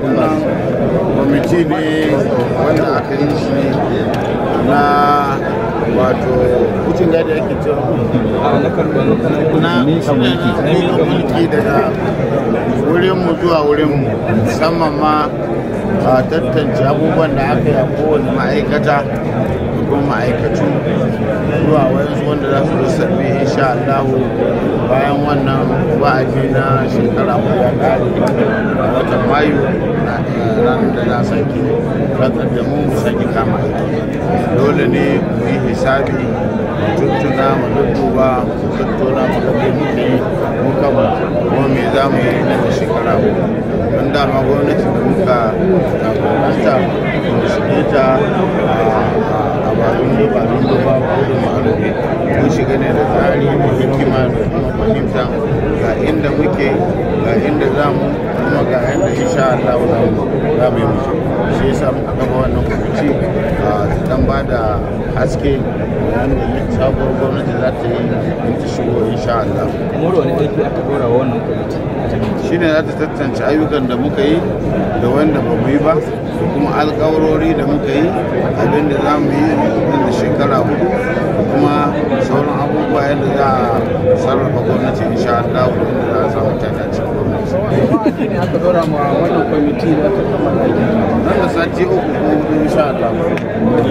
wannan kwamiti ne wanda aka yi shi na wato kucin gada yake cewa na miƙa mulki daga wurinmu zuwa wurinmu musamman ma a tattance abubuwan da aka yi a kowane ma'aikata da kuma ma'aikatu zuwa wayansu wanda za su zo sabbi insha Allahu bayan wannan wa'adi na shekara ya a watan mayu na eh, ranar da za sake rantsar da mu mu kama dole ne mu yi hisabi tuntuna mu ba mu tattuna mu kafa muke mu kama kuma me za mu yi na shekara mu don ma gwamnati da muka kuma fahimta ga inda muke ga inda za mu kuma ga inda insha Allah za mu yi mutu shi yasa muka kafa wannan kwamiti dan ba da haske wanda sabuwar gwamnati za ta yi in ta shigo insha Allah. Kamar wani aiki aka dora wa wannan kwamiti? Shi ne za ta tattance ayyukan da muka yi da wanda ba mu yi ba da kuma alkawarori da muka yi abinda za mu yi da shekara hudu kuma kuma gwamnati sha Allah da za mu tana cikin gwamnati ne aka dora ma wannan kwamiti da aka kafa nan da sati uku ko hudu insha Allah